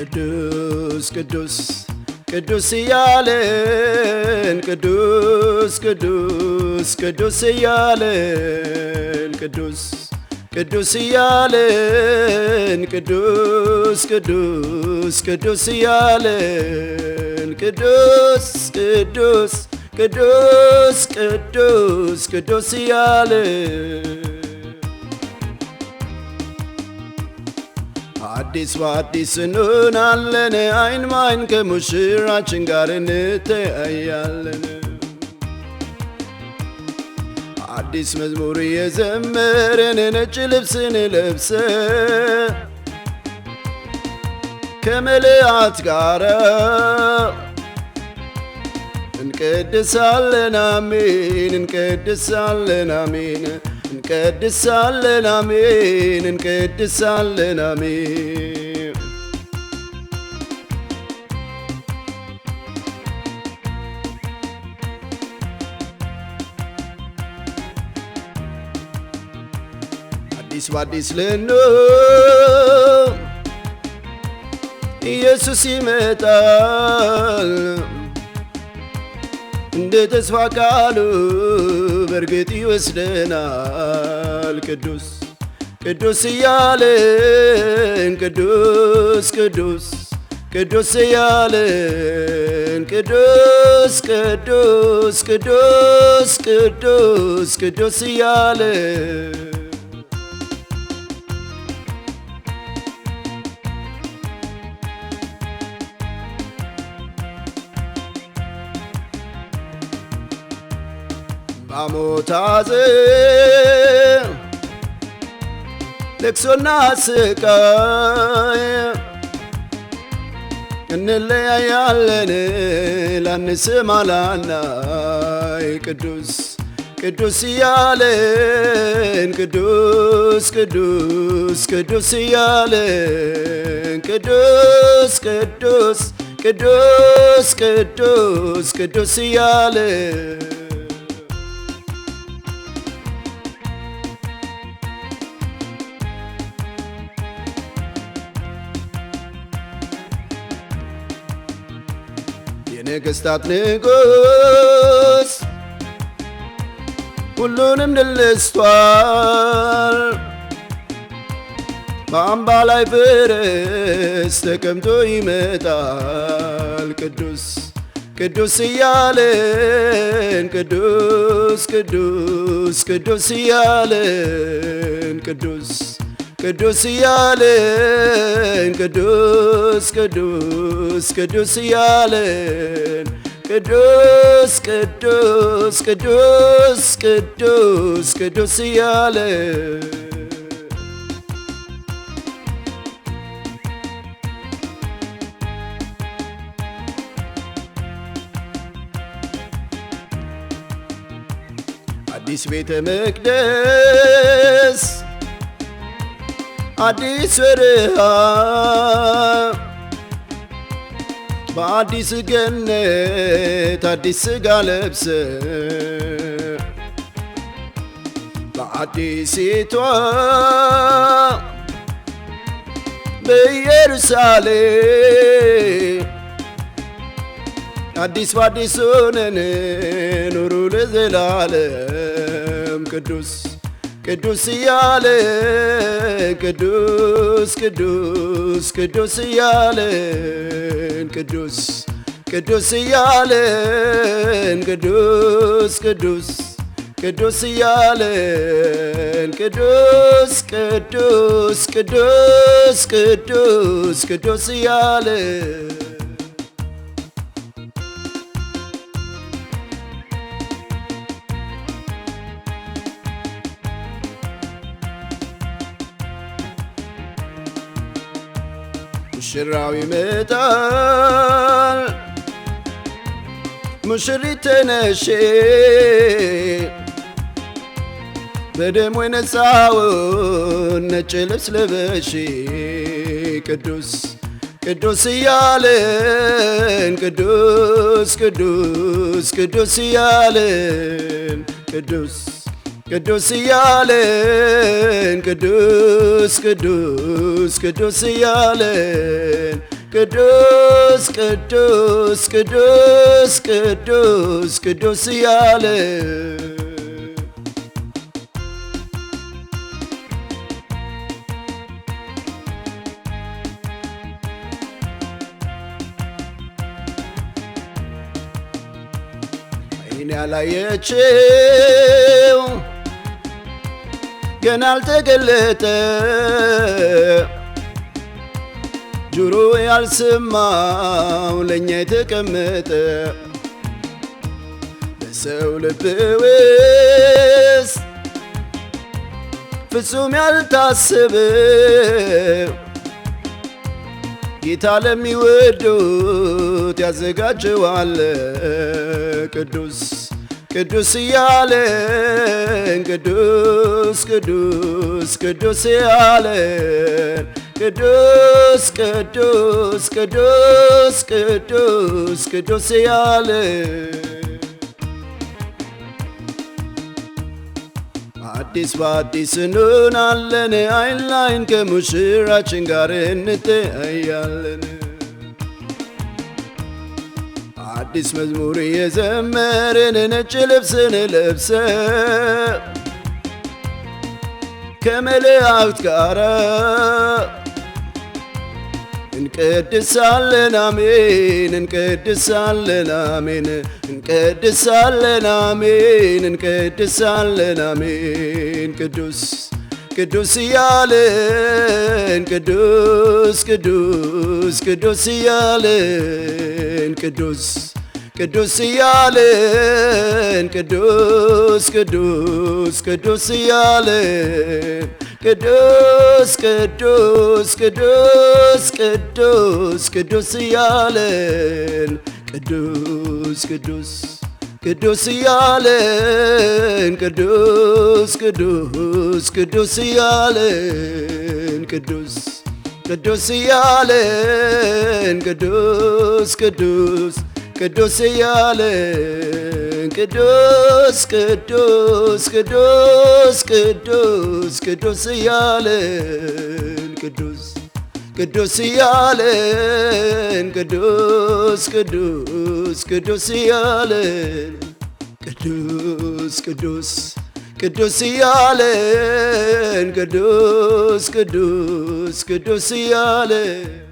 ቅዱስ ቅዱስ ቅዱስ እያልን ቅዱስ ቅዱስ ቅዱስ እያልን ቅዱስ ቅዱስ እያልን ቅዱስ ቅዱስ ቅዱስ እያልን ቅዱስ ቅዱስ ቅዱስ ቅዱስ ቅዱስ እያልን አዲስ በአዲስ እንሆናለን። አይን ማይን ከሙሽራችን ጋር እንተያያለን። አዲስ መዝሙር የዘመርን ነጭ ልብስን ለብሰ ከመልአት ጋር እንቀድሳለን አሜን፣ እንቀድሳለን አሜን። እንቀድሳለን አሜን፣ እንቀድሳለን አሜን። አዲስ በአዲስ ልን ኢየሱስ ይመጣል እንደ ተስፋ ቃሉ በእርግጥ ይወስደናል። ቅዱስ ቅዱስ እያልን ቅዱስ ቅዱስ ቅዱስ እያልን ቅዱስ ቅዱስ ቅዱስ ቅዱስ ቅዱስ እያልን አሞታዝ ልቅሶና ስቃይ እንለያያለን ላንስማ ላናይ ቅዱስ ቅዱስ እያለን ቅዱስ ቅዱስ ቅዱስ እያለን ቅዱስ ቅዱስ ቅዱስ ቅዱስ ቅዱስ እያለን የነገስታት ንጉስ ሁሉንም ድልስቷል። በአምባ ላይ ፈረስ ተቀምጦ ይመጣል። ቅዱስ ቅዱስ እያለን ቅዱስ ቅዱስ ቅዱስ እያለን ቅዱስ ቅዱስ እያልን ቅዱስ ቅዱስ ቅዱስ እያልን ቅዱስ ቅዱስ ቅዱስ ቅዱስ ቅዱስ እያልን አዲስ ቤተ መቅደስ አዲስ በረሃ በአዲስ ገነት አዲስ ስጋ ለብሰ በአዲስ በአዲሲቷ በኢየሩሳሌም አዲስ በአዲስ ሆነን ኑሩ ለዘላለም ቅዱስ ቅዱስ እያለ ቅዱስ ቅዱስ ቅዱስ እያለን ቅዱስ ቅዱስ እያለን ቅዱስ ቅዱስ ቅዱስ እያለን ቅዱስ ቅዱስ ቅዱስ ቅዱስ ቅዱስ እያለን ሙሽራዊ ምጣል ሙሽሪት ተነሽ በደሙ የነጻውን ነጭ ልብስ ልበሺ ቅዱስ ቅዱስ እያልን ቅዱስ ቅዱስ ቅዱስ እያልን ቅዱስ ቅዱስ እያልን ቅዱስ ቅዱስ ቅዱስ እያልን ቅዱስ ቅዱስ ቅዱስ ቅዱስ ቅዱስ እያልን ዓይን ያላየችው ገና አልተገለጠ ጆሮ ያልሰማው ለእኛ የተቀመጠ በሰው ልብ ውስጥ ፍጹም ያልታሰበ ጌታ ለሚወዱት ያዘጋጀዋል ቅዱስ ቅዱስ እያልን ቅዱስ ቅዱስ ቅዱስ እያልን ቅዱስ ቅዱስ ቅዱስ ቅዱስ ቅዱስ እያልን አዲስ በአዲስ እንሆናለን አይን ላይን ከሙሽራችን ጋር እንተያያለን። አዲስ መዝሙር የዘመርን ነጭ ልብስን ለብሰ ከመላእክት ጋር እንቀድሳለን አሜን፣ እንቀድሳለን አሜን፣ እንቀድሳለን አሜን፣ እንቀድሳለን አሜን። ቅዱስ ቅዱስ እያለን ቅዱስ ቅዱስ ቅዱስ እያለን ቅዱስ ቅዱስ እያልን ቅዱስ ቅዱስ ቅዱስ እያልን ቅዱስ ቅዱስ ቅዱስ ቅዱስ ቅዱስ እያልን ቅዱስ ቅዱስ ቅዱስ እያልን ቅዱስ ቅዱስ ቅዱስ እያልን ቅዱስ ቅዱስ እያልን ቅዱስ ቅዱስ ቅዱስ እያለ ቅዱስ ቅዱስ ቅዱስ ቅዱስ ቅዱስ እያልን ቅዱስ ቅዱስ እያልን ቅዱስ ቅዱስ ቅዱስ እያልን ቅዱስ ቅዱስ ቅዱስ እያልን ቅዱስ ቅዱስ ቅዱስ እያልን